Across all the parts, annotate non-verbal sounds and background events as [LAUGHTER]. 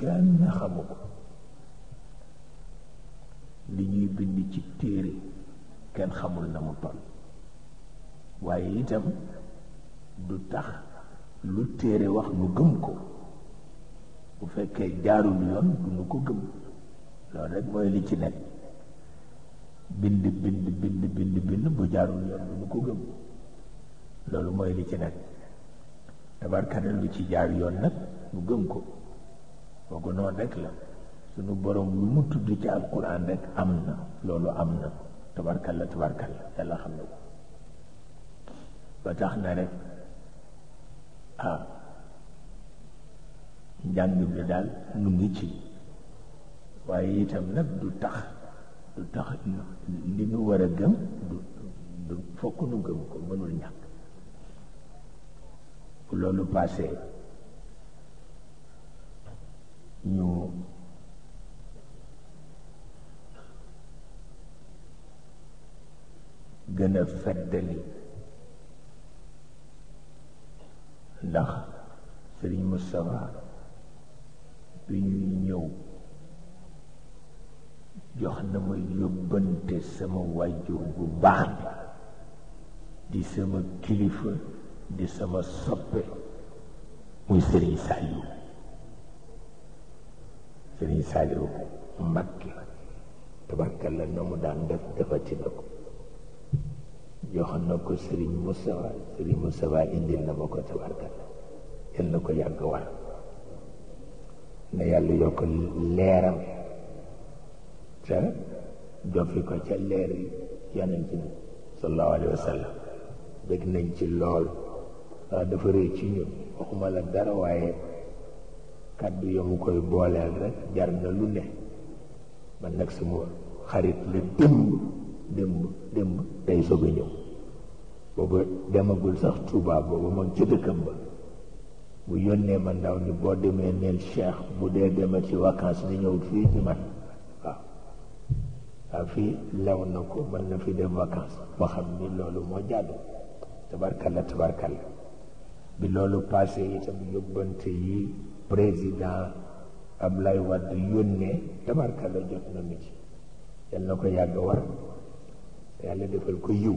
kenn xamu ko li ñuy bind ci téere kenn xamul na mu toll waaye itam du tax lu téere wax nu gëm ko bu fekkee jaarul yoon du nu ko gëm loolu rek mooy li ci nekk bind bu jaarul yoon mooy li ci nekk lu ci jaar yoon nag nu gëm ko kooku noonu rek la sunu borom lu mu tudd ci alquran rek am na loolu am na tabarkalla tabarkalla yàlla xam na ko ba tax na rek ah njàng bi daal nu ngi ci waaye itam nag du tax du tax li nu war a gëm du du gëm ko mënul ñàkk loolu passé ñu gën a feddali ndax Sëriñ Moustapha bi ñuy ñëw jox na ma yóbbante sama wàjjur bu baax bi di sama kilifa di sama soppe muy Sëriñ Saliou sëriñ Saaliwu Mbàkke tabarkalla na mu daan def defati na ko joxoon na ko sëriñ Moustapha sëriñ Moustapha indil na ma ko tabarkalla yal na ko yàgg war na yàlla yokk leeram te jofi ko ca leer yi yonent bi sallallahu alayhi wa sallam dégg nañ ci lool ah, dafa rëy ci ñun waxuma la dara waaye kàddu ya mu koy booleel rek jar na lu ne man nag sama xarit la démb démb démb day soog ñëw booba demagul sax Touba booba moom ci dëkkam ba mu yónnee ma ndaw ni boo demee neel Cheikh bu dee dema ci vacances ni ñëw fii ci man waaw waaw fii lew na ko mën na fi dem vacances ma xam ni loolu moo jàddu tabarkalla tabarkalla bi loolu passé itam yóbbante yi président Ablaye Wade yónnee tabarka la jot na mi ci yal na ko yàgg war yàlla defal ko yiw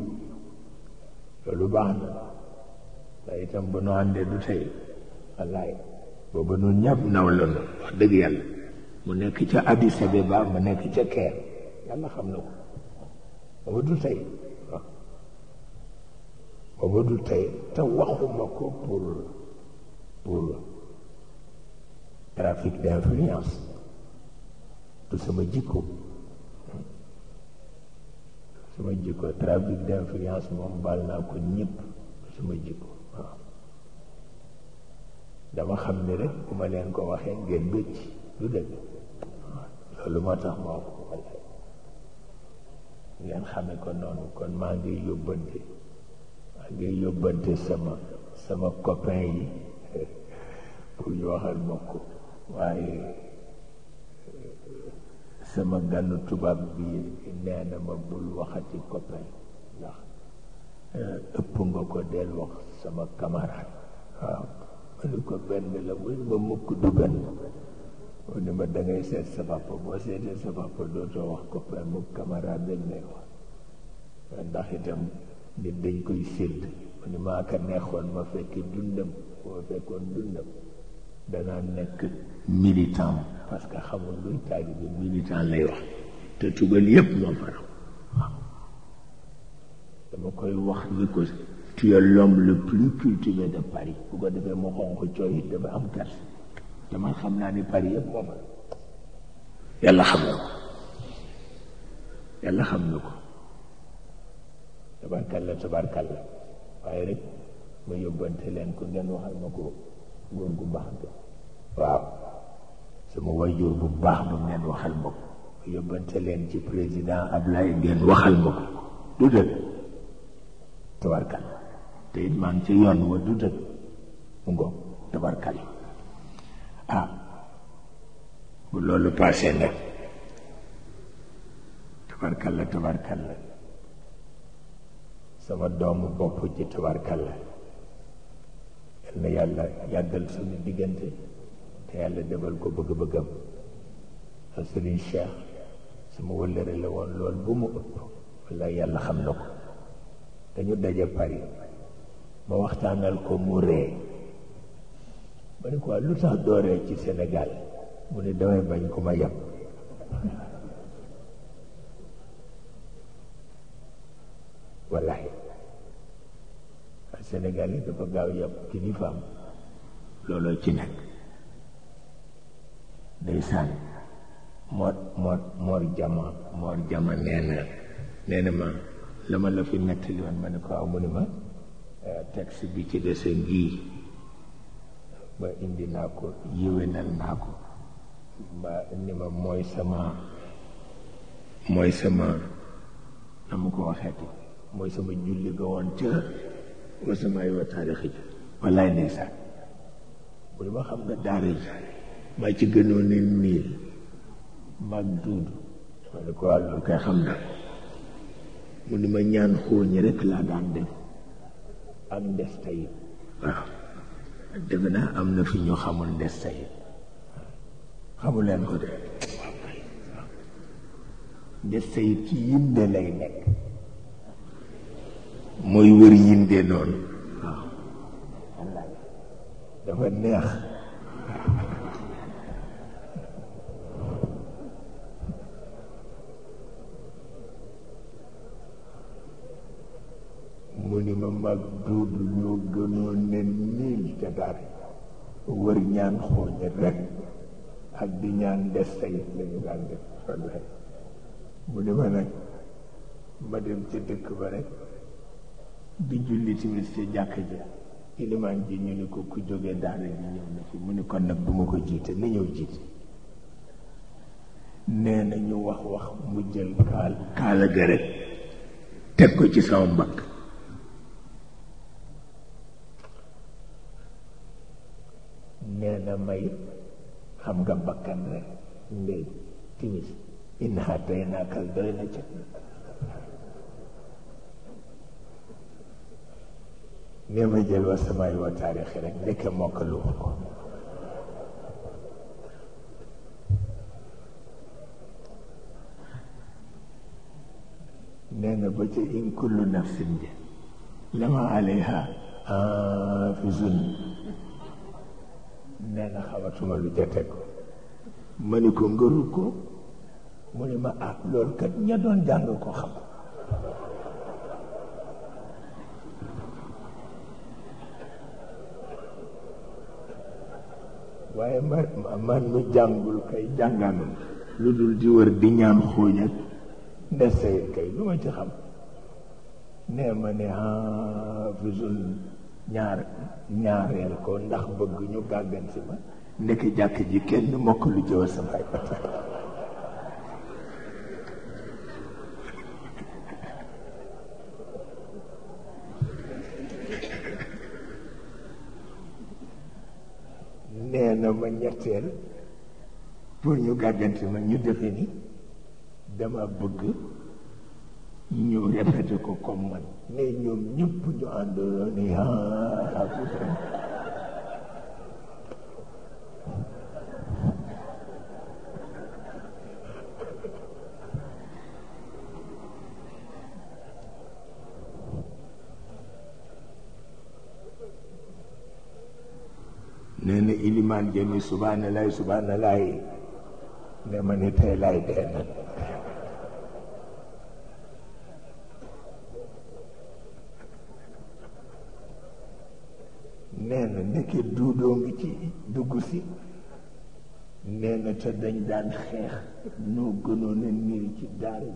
loolu baax na waaye itam ba nu àndee du tey wallaay booba nu ñàpp naw la nu wax dëgg yàlla mu nekk ca Addis Abeba mu nekk ca Caire yàlla xam na ko booba du tey booba du tey te waxuma ko pour pour trafic d'influence. du sama jikko sama jikko trafic d'influence moom baal naa ko ñëpp du sama jikko waaw dama xam ne rek bu ma ko waxee ngeen bëcc du dëgg loolu moo tax ma wax ko ngeen xame ko noonu kon maa ngi yóbbante maa ngi yóbbante sama sama copain yi pour ñu waxal ma waaye sama ganu tubaab bi nee na ma bul waxati copain ndax eh, ëpp nga ko del wax sama camarade waaw ma ni ko benn la mu ni ma mukk du benn mu ni ma dangay seet sa boo seetee sa papa dootoo wax copain mukk camarade dañ lay wax ndax itam nit dañ koy sédd mu ni maa ka neexoon ma fekki dundam ma fekkoon dundam danaan nekk militant parce que xamoon luy taalibe militant lay wax te tugal yépp moo fa raw waaw dama koy wax ni ko tu es l'homme le plus cultivé de Paris bu ko defee ma xonq cooy it dafa am gers te man xam naa ni Paris yépp moo fa yàlla xam na ko yàlla xam na ko tabarkalla tabarkalla waaye rek ma yóbbante leen ko ngeen waxal ma ko góor gu baax bi waaw sama waajur bu baax ba ngeen waxal ma ko yóbbante leen ci président Ablaye ngeen waxal ma ko du dëgg tabarkal te maa ngi ci yoon wa du dëgg mu ngoog tabarkal ah bu loolu la tabarkal la sama doomu bopp ji tabarkal la na yàlla yàggal suñu diggante te yàlla defal ko bëgg-bëggam sëriñ Cheikh suma wëllëre la woon lool bu mu ëpp walla yàlla xam na ko dañu daje Paris ma waxtaanal ko mu ree ma ne ko lu tax dooree ci Sénégal mu ne damay bañ ko ma yem [LAUGHS] wallahi Sénégal yi dafa gaaw yàpp kilifaam looloo ci nekk ndeysaan moor moor moor jama moor jama nee na ma la ma la fi nettali woon ma ne ko aw ni ma euh, texte bi ci dese ngii ba indi naa ko yéwénal naa ko ba ni ma mooy sama mooy sama na ma ko waxeeti mooy sama julli ga woon ca wa samaay wa taarix yi wallaay ndeysaan mu ne xam nga daara ji maa ci gënoon ne miil mag duud ma ne ko waa loolu xam na mu ne ma ñaan xóoñ rek laa daan def am ndes tayit waaw defe naa am na fi ñu xamul ndes tayit xamuleen ko de ndes tayit ci yinde lay nekk mooy wër yinde noonu dafa neex mu ni ma mag duudu ñoo gënoon ne niil ca dara wër ñaan xooñe rek ak di ñaan des sayit lañu def wallaay mu ni ma nag ma dem ca dëkk ba rek bi julli timis ca jàkk ja ilimaan ji ñu ni ko ku jógee daara ji ñëw na fi mu ni kon nag duma ko jiite na ñëw jiite nee na ñu wax wax mu jël kaal kaala ga rek teg ko ci sama mbagg nee na may xam nga bakkan rek ndey timis in haataynaakal doy na ca نيما جل وسماء وتاريخ لك لك ما كلو نانا نعم، إن كل نفس لما عليها حافظ نانا نعم، خواتو ما لجتك مني كنغروكو مني ما أقلول كت نيادون جانغوكو خواتو waaye man man mu jàngul kay jànganul lu dul di wër di ñaan xóoj ak deseyit kay lu ma ci xam nee ma ne hafisul ah, ñaar ñaareel ko ndax bëgg ñu gàggan si ma ndekk jàkk ji kenn mokk lu jëwa sama ay nee na ma ñetteel pour ñu gàgganti ma ñu defe ni dama bëgg ñu répété ko comme man mais ñoom ñëpp ñu àndaloon ni man jëmi subhanallah subhanallah ne ma ni tey lay dee ndeke duudoo ngi ci dugg si nee na dañ daan xeex noo gënoon a ci daara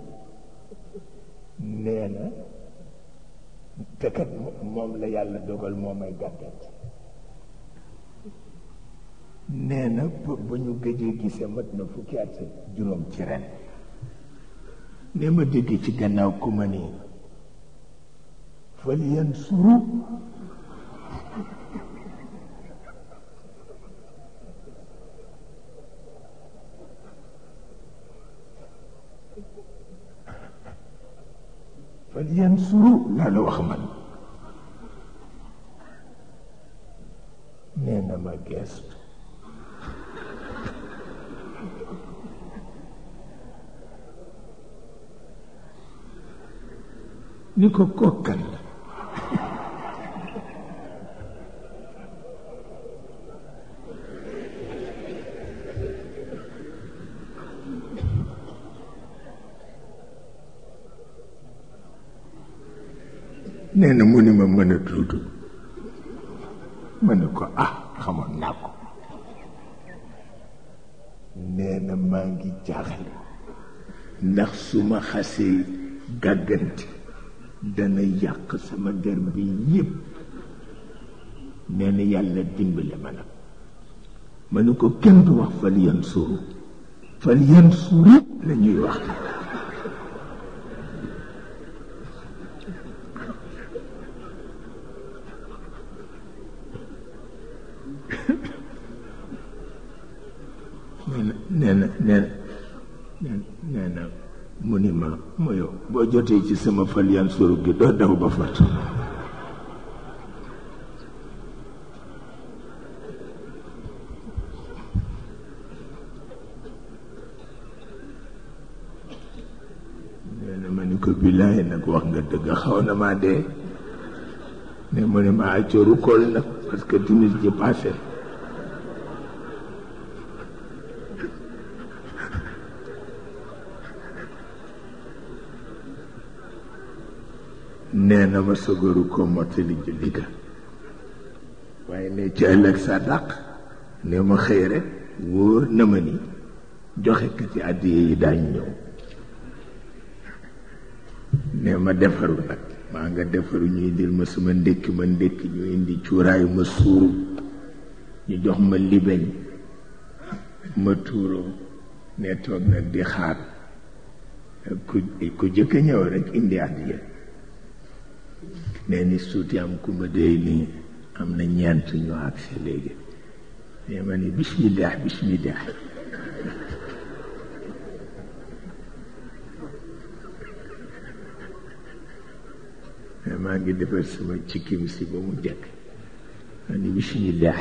ji nee moom la yàlla dogal moo may gàttal nee na ba ñu gëjee gisee mat na fukki at juróom ci ne ma dégg ci gannaaw ku ma nii fal yan suru fal laa la wax man nee na ma gestu ni ko kokkan la nee na mu ne ma mën a tuutu ko ah xamoon naa ko nee na maa ngi jaaxle ndax su ma gàggante dana yàq sama der bi yépp nee na yàlla dimbale ma nag ma ko kenn du wax fal yan suru fal yan suru la ñuy wax wootee ci sama fal yan suru gi daw ba fat nee na ma ni ko bilaay nag wax nga dëgg xaw na maa dee ne mu ne ma accoru kool nag parce que timis ji passé nee na ma sëgëru ko mottali julli ga waaye ne ci ëllëg sa dàq ne ma xëy rek wóor na ma ni joxe ci àddiya yi daañ ñëw ne ma defaru nag maa nga defaru ñu indil ma sama ndékki ma ndékki ñu indi cuuraay ma suuru ñu jox ma libeñ ma tuuroo ne toog nag di xaar ku ku jëkk ñëw rek indi àddiya nee ni suuti am ku ma déy nii am na ñeent ñu agsi léegi mais ma ni bismillah bismillah maa ngi defar sama cikkim si ba mu jekk ma ni bismillah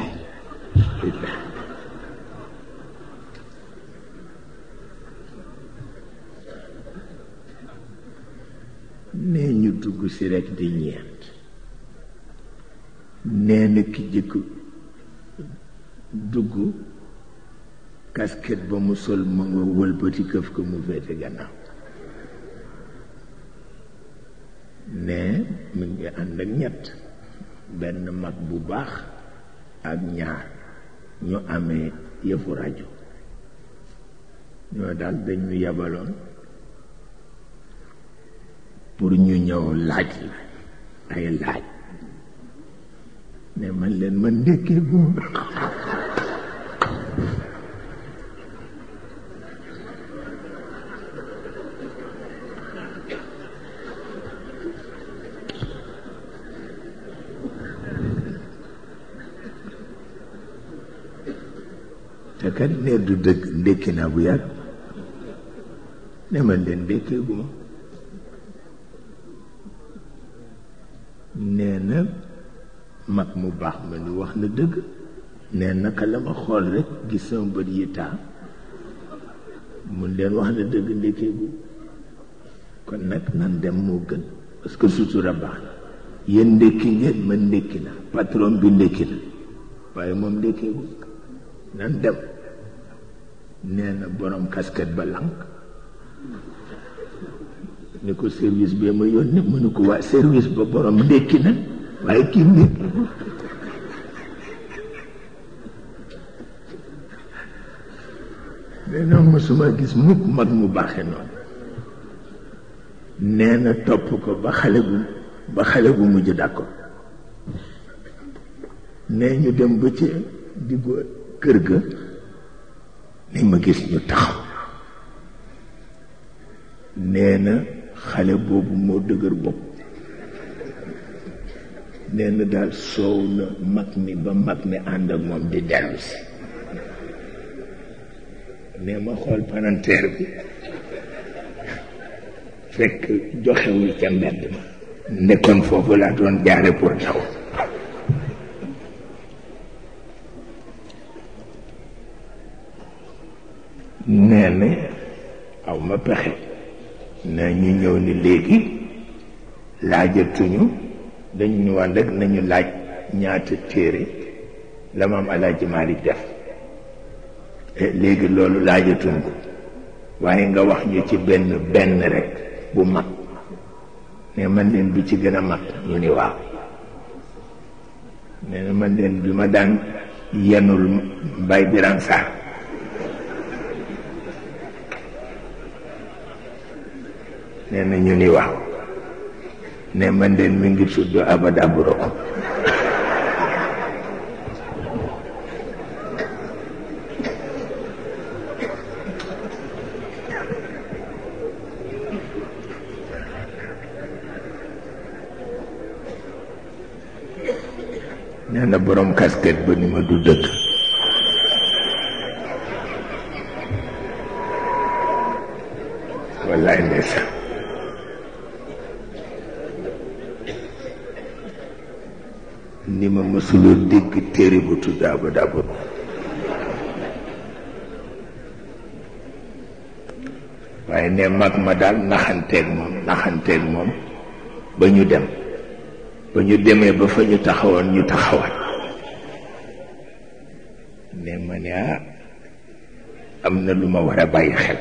nee ñu dugg si rekk di ñeent nee na ki jëkk dugg casquette ba mu sol mu nga wëlbati këf ko mu féete gannaaw nee mu ngi ànd ak ñett benn mag bu baax ak ñaar ñu amee yëfu rajo ñoo daal dañ ñu yabaloon life real life. Naman lang mandikib you Takan ne duduk dekin abu ya. Naman lang dekib mo. mu baax ma ni wax na dëgg ne naka la ma xool rek gis sama bët yi mun leen wax na dëgg ndekkeegu kon nag nan dem moo gën parce que sutura baax na yéen ndekki ngeen man ndekki na patron bi ndekki na waaye moom ndekkeegu nan dem nee na borom kasket ba lànk ni ko service bee ma yónni mu ko waa service ba borom ndekki na waaye kii nit nee na mësuma gis mukk mag mu baaxe noonu nee na topp ko ba xale bu ba xale bu mujj dàq ko nee ñu dem ba ci diggu kër ga ni ma gis ñu taxaw nee na xale boobu moo dëgër bopp nee daal soow na mag mi ba mag mi ànd ak moom di dellu ne ma xool palanteer bi fekk joxewul ca mbedd ma nekkoon foofu laa doon jaare pour daw nee aw ma pexe na ñu ñëw ni léegi laajatuñu dañ ñu woon rek nañu laaj ñaata téere la maam alaaji Maalik def eh, léegi loolu laajatuñ ko waaye nga wax ñu ci benn benn rekk bu mag ne man leen bi ci gën a mag ñu ni waaw nee na man leen bi ma daan yenul mbay biran saar nee na ñu ni waaw Neman dan minggu sudah abad abro Nana borom kasket bani madudak Wallahi nesa ni ma mësuloo dégg téere bu tudd Abu waaye ne mag ma daal naxanteeg moom naxanteeg moom ba ñu dem ba ñu demee ba fa ñu taxawoon ñu taxawaat ne ma ne ah, am na lu ma war a bàyyi xel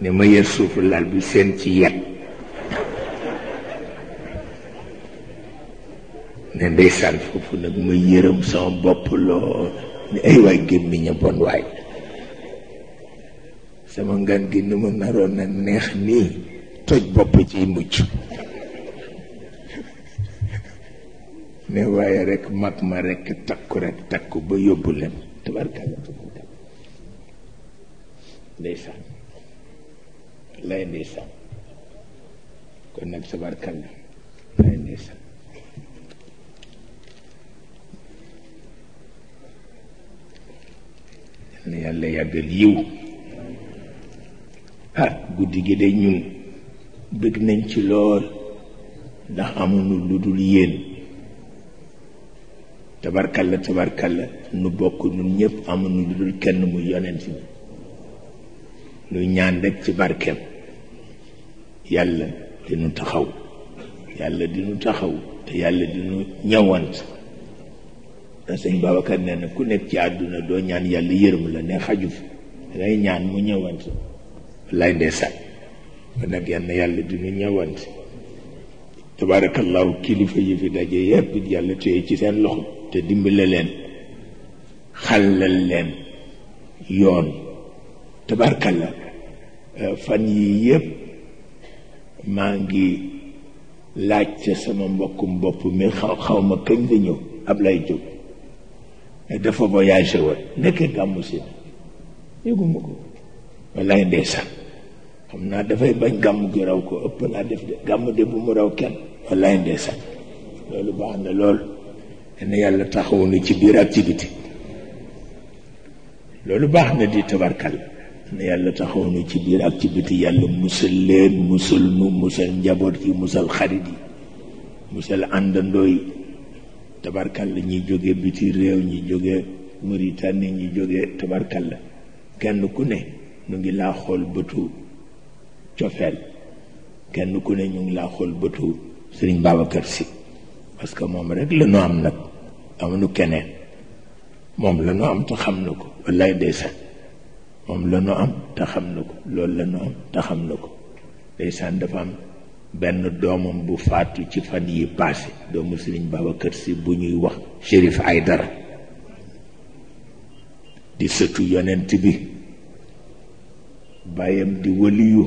ne ma yër suufu lal bi seen ci yet ne ndeysaan foofu nag ma yërëm sama bopp lool ne ay waay gémmiñ a bon waay sama ngan gi ni mu naroon a neex nii toj bopp ciy mucc ne waaye rekk mag ma rekk takku rek takku ba yóbbu leen tabarkalla ndeysaan lay ndeysaan kon nag tabarkalla lay ndeysaan ne yàlla yàggal yiw ah guddi gi de ñun bëgg nañ ci lool ndax amuñu lu dul yéen tabarkalla tabarkalla nu bokk ñun ñëpp amuñu lu dul kenn mu yonent bi nu ñaan rek ci barkeem yàlla dinu taxaw yàlla dinu taxaw te yàlla dinu ñawant ndax sëñ Babacar ku nekk ci àdduna doo ñaan yàlla yërëm la ne xaju fi dangay ñaan mu ñëwante lay ndeysaan kon nag yal na yàlla duñu ñëwante tabaarakallaahu kilifa yi fi daje yépp yàlla téye ci seen loxo te dimbale leen xàllal leen yoon tabaarakallaahu eh, fan yi yépp maa ngi laajte sama mbokkum bopp mi xaw xaw ma kañ la ñëw ab lay jóg ne dafa voyagé woon nekkee gàmmu si yëguma ko wallaay ndeysaan xam naa dafay bañ gàmm gi raw ko ëpp naa def de gàmm de bu mu raw kenn wallaay ndeysaan loolu baax na lool ne yàlla taxawu nu ci biir ak ci biti loolu baax na di tabarkal ne yàlla taxawu nu ci biir ak ci biti yàlla musal leen musal nu musal njaboot yi musal xarit yi musal àndandoo yi la ñi jóge biti réew ñi jóge Mauritanie ñi jóge tabarkalla kenn ku ne ñu ngi laa xool bëtu cofeel kenn ku ne ñu ngi laa xool bëtu Serigne Babacar Sy parce que moom rek la ñu am nag amuñu keneen moom la nu am te xam na ko wallaay ndeysaan moom la ñu am te xam na ko loolu la ñu am te xam na ko ndeysaan dafa am benn doomam bu faatu ci fan yi paase doomu sëriñ Babacar si bu ñuy wax ay dara di sëtu yonent bi bàyyam di waliyu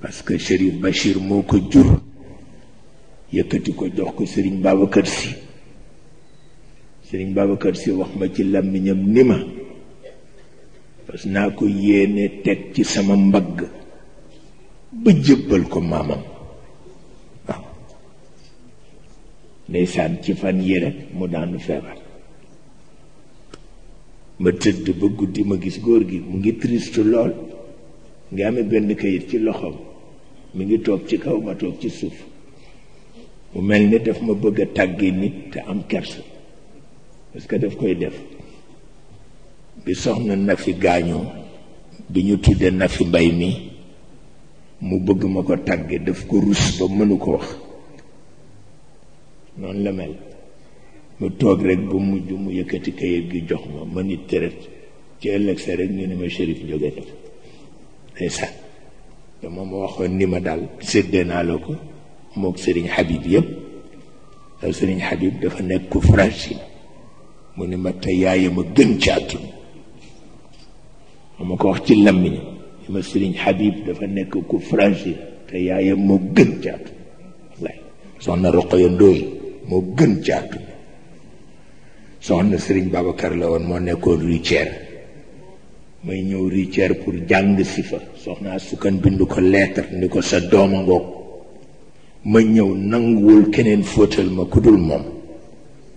parce que Chérif Bachir moo ko jur yëkkati ko jox ko sëriñ Babacar si sëriñ Babacar si wax ma ci làmmiñam ni ma parce naa ko yéene teg ci sama mbagg ba jébbal ko maamam waaw ndeysaan ci fan yi rek mu daanu feebar ma tëdd ba guddi ma gis góor gi mu ngi triste lool ngi amee benn kayit ci loxoom mu ngi toog ci kaw ma toog ci suuf mu mel ni daf ma bëgg a tàggee nit te am kersa parce que daf koy def bi soxna na fi gaañoo bi ñu tuddee na fi mbay mi mu bëgg ma ko tàgge daf ko rus ba mënu ko wax noonu la mel mu toog rek ba mujj mu yëkkati kayit gi jox ma ma nit teret ci ëllëg sa rek ñu ne ma shérif jóge na ndeysaan te moom ma waxoon ni ma daal séddee naa la ko mook sëriñ Habib yépp daal sëriñ Habib dafa nekk ku fragile mu ni ma te yaayam a gën ci àdduna ma ko wax ci lammiñ ma sëriñ Habib dafa nekk ku fragile te yaayam moo gën caatu wallaay soxna Roqaya Ndooy moo gën caatu soxna sëriñ Babacar la woon moo nekkoon routière may ñëw routière pour jàng si fa soxna sukkan bindu ko lettre ni ko sa dooma ngoog ma ñëw nanguwul keneen fóotal ma kudul moom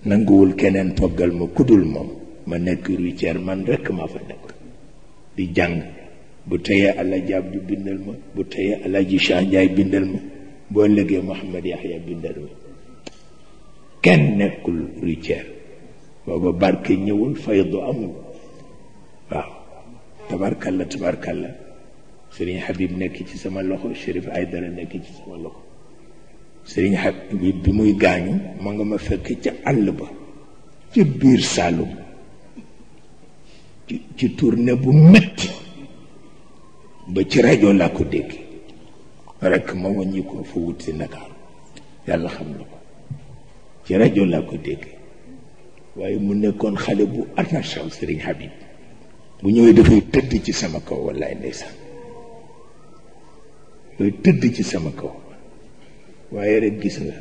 nanguwul keneen toggal ma kudul moom ma nekk routière man rekk maa fa nekk di jàng bu teyee alaaji Abdu bindal ma bu teyee alaaji Cheikh Ndiaye bindal ma boo lëggee Mouhamed Yahya bindal ma kenn nekkul ritière booba barke ñëwul faydu amul waaw tabarkalla tabarkalla sëriñ Habib nekk ci sama loxo ay Aydara nekk ci sama loxo sëriñ Habib bi muy gaañu ma nga ma fekk ca àll ba ci biir Saalum ci tournée bu metti ba ci rajo laa ko dégg rek ma wàññi ko fa wut si Ndakaaru yàlla xam na ko ci rajo laa ko dégg waaye mu nekkoon xale bu attaché wu Sëriñ Habib bu ñëwee dafay tëdd ci sama kaw wallaay tëdd ci sama kaw waaye rek gis nga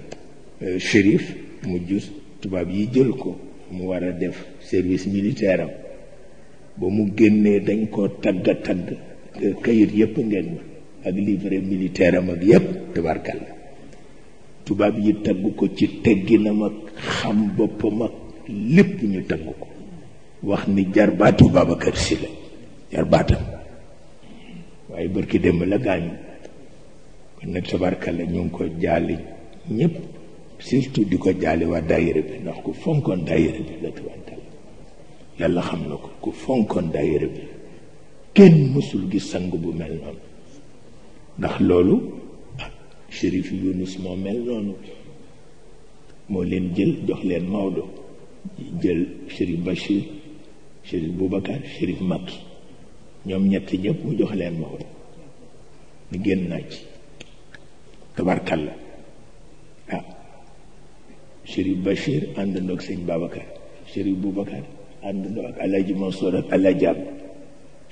euh, shérif mu jus tubaab yi jël ko mu war a def service militaire am ba mu génnee dañ ko tagga tagg kayit yëpp ngeen ma ak livre militaire am ak yëpp tubarkalla tubaab yi tagg ko ci tegginam ma xam boppam ak lépp ñu tagg ko wax ni jarbaatu Babacar Si la jarbaatam waaye barki démb la gaañu kon nag tubarkalla ñu ngi ko jaali ñëpp surtout di ko jaali waa daayira bi ndax ku fonkoon daayira bi la tubarkalla yàlla xam na ko ku fonkoon daayira bi Ken musul gis sang bu mel non ndax lolu ah, cherif yunus mo mel non mo len jël jox len maodo jël cherif bashir cherif boubacar cherif makki ñoom ñett ñep mu jox len maodo ni génn na ci tabarkalla ah cherif bashir and ak seigne babakar cherif boubacar and mansour ak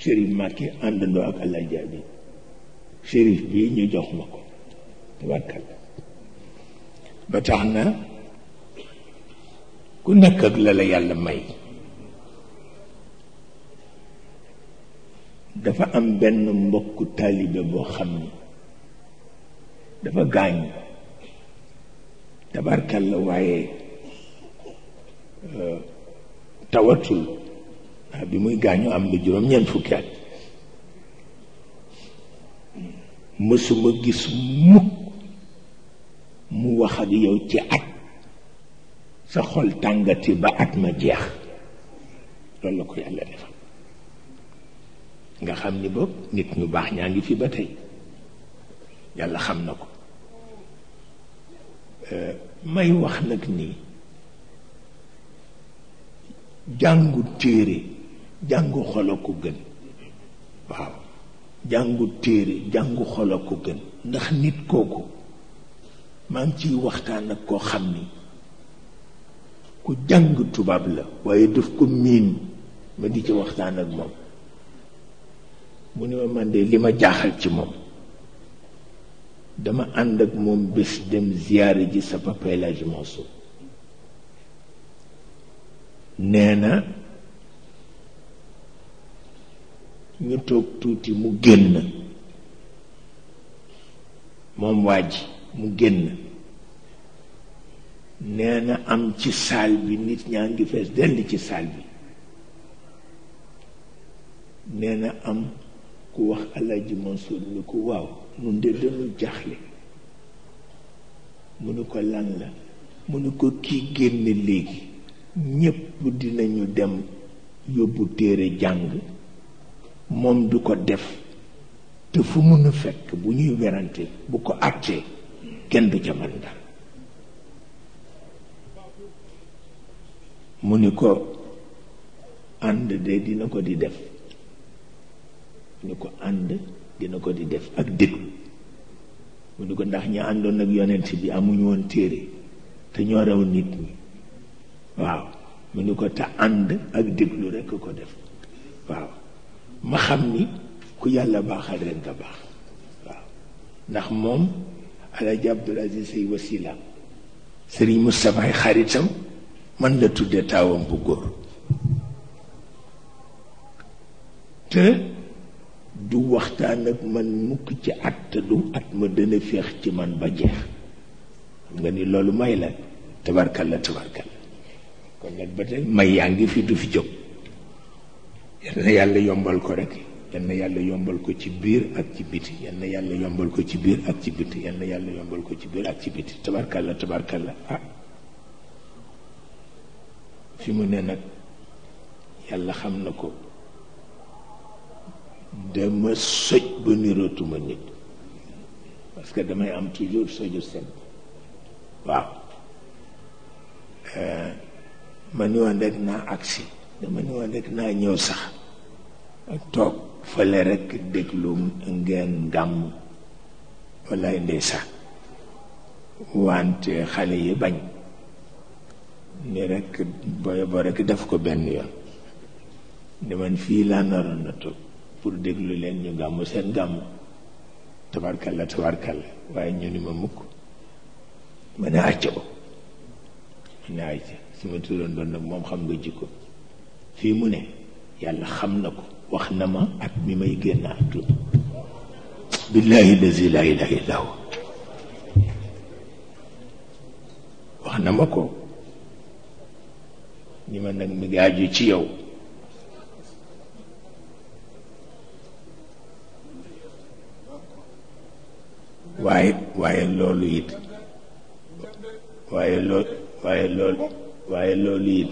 Chérif Màkki àndandoo ak allah jaabi bii ñu jox ma ko tabarkalla ba tax na ku nekk ak la la yàlla may dafa am benn mbokku taalibe boo xam ni dafa gaañu tabarkalla waaye euh, tawatul bi muy gaañu am na juróom ñeent fukki at mësuma gis mukk mu wax ak yow ci at sa xol tàngati ba at ma jeex loolu la ko yàlla defal nga xam ni boog nit ñu baax ñaa ngi fi ba tey yàlla xam na ko may wax nag nii jàngu téere jàngu xolo ko gën waaw jàngu téere jàngu xolo ko gën ndax nit kooku maa ngi ciy waxtaan ak koo xam ni ku jàng tubaab la waaye daf ko miin ma di ci waxtaan ak moom mu ne ma man de li ma jaaxal ci moom dama ànd ak moom bés dem ziyaare ji sa papa El nee na ñu toog tuuti mu génn moom waa ji mu génn nee na am ci saal bi nit ñaa ngi fees dell ci saal bi nee na am ku wax Alaaji Mansour ni ko waaw nun de dañu jaaxle mu ne ko lan la mu ne ko kii génn léegi ñépp dinañu dem yóbbu téere jàng moom du ko def te fu mun a fekk bu ñuy werante bu ko àttee kenn du ca man mu ni ko ànd de dina ko di def ni ko ànd dina ko di def ak déglu mu ni ko ndax ñi àndoon ak yonent bi amuñ woon téere te ñoo raw nit ñi waaw mu ni ko te ànd ak déglu rekk ko def waaw ma xam ni ku yàlla baaxal rek nga baax waaw ndax moom alaaji Abdul Aziz say wasila sëriñ Moustapha ay xaritam man la tudde taawam bu góor te du waxtaan ak man mukk ci at te at ma dana féex ci man ba jeex xam nga ni loolu may la tabarkal la tabarkal kon nag ba tey may yaa ngi fi du fi jóg yal na yàlla yombal ko rek yal na yàlla yombal ko ci biir ak ci biti yal na yàlla yombal ko ci biir ak ci biti yal na yàlla yombal ko ci biir ak ci biti tabarkalla tabarkalla ah fi mu ne nag yàlla xam na ko dama soj ba nirootuma nit parce que damay am toujours soju seen waaw euh, ma ni woon rek naa agsi dama ne woon rek naa ñëw sax toog fële rek déglu ngeen gàmm walaay ndeysaan wante xale yi bañ ni rek booy boo rek def ko benn yoon ne man fii laa naroon na toog pour déglu leen ñu gàmm seen gàmm tabarkalla tabarkalla waaye ñu ni ma mukk ma ne acca ko ma ne acca su ma turoon doon nag moom xam nga jikko fii mu ne yàlla xam na ko wax na ma ak mi may génn àdduna billahi lazi la ilaha illa hu wax na ma ko ñu ma nag mi ngi ci yow waaye waaye loolu it waaye lool waaye lool loolu it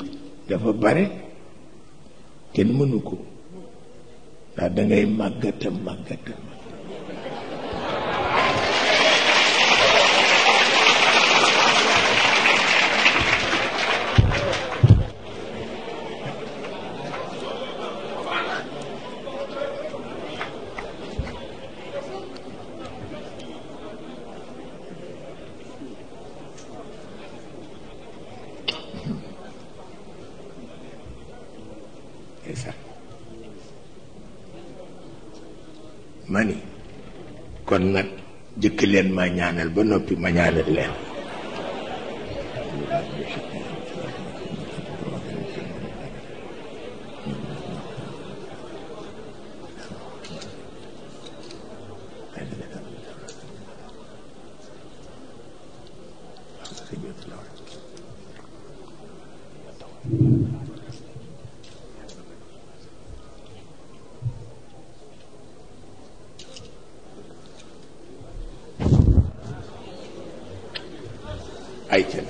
dafa bare kenn mënu ko ndax dangay màggata màggata kon nag jëkk leen ma ñaanal ba noppi ma ñaanal leen can.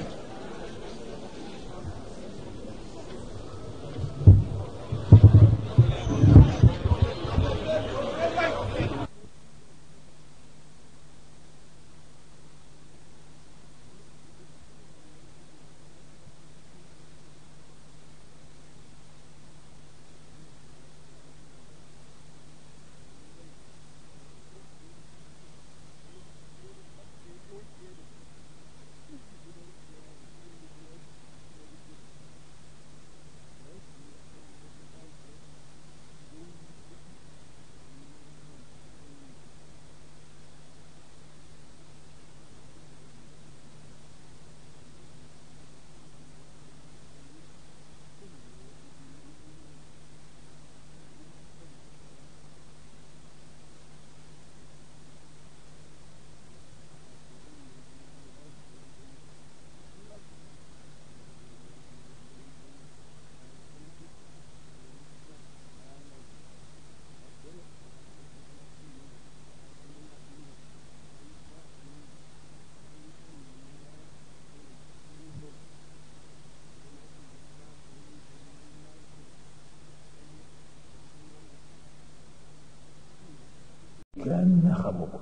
páramo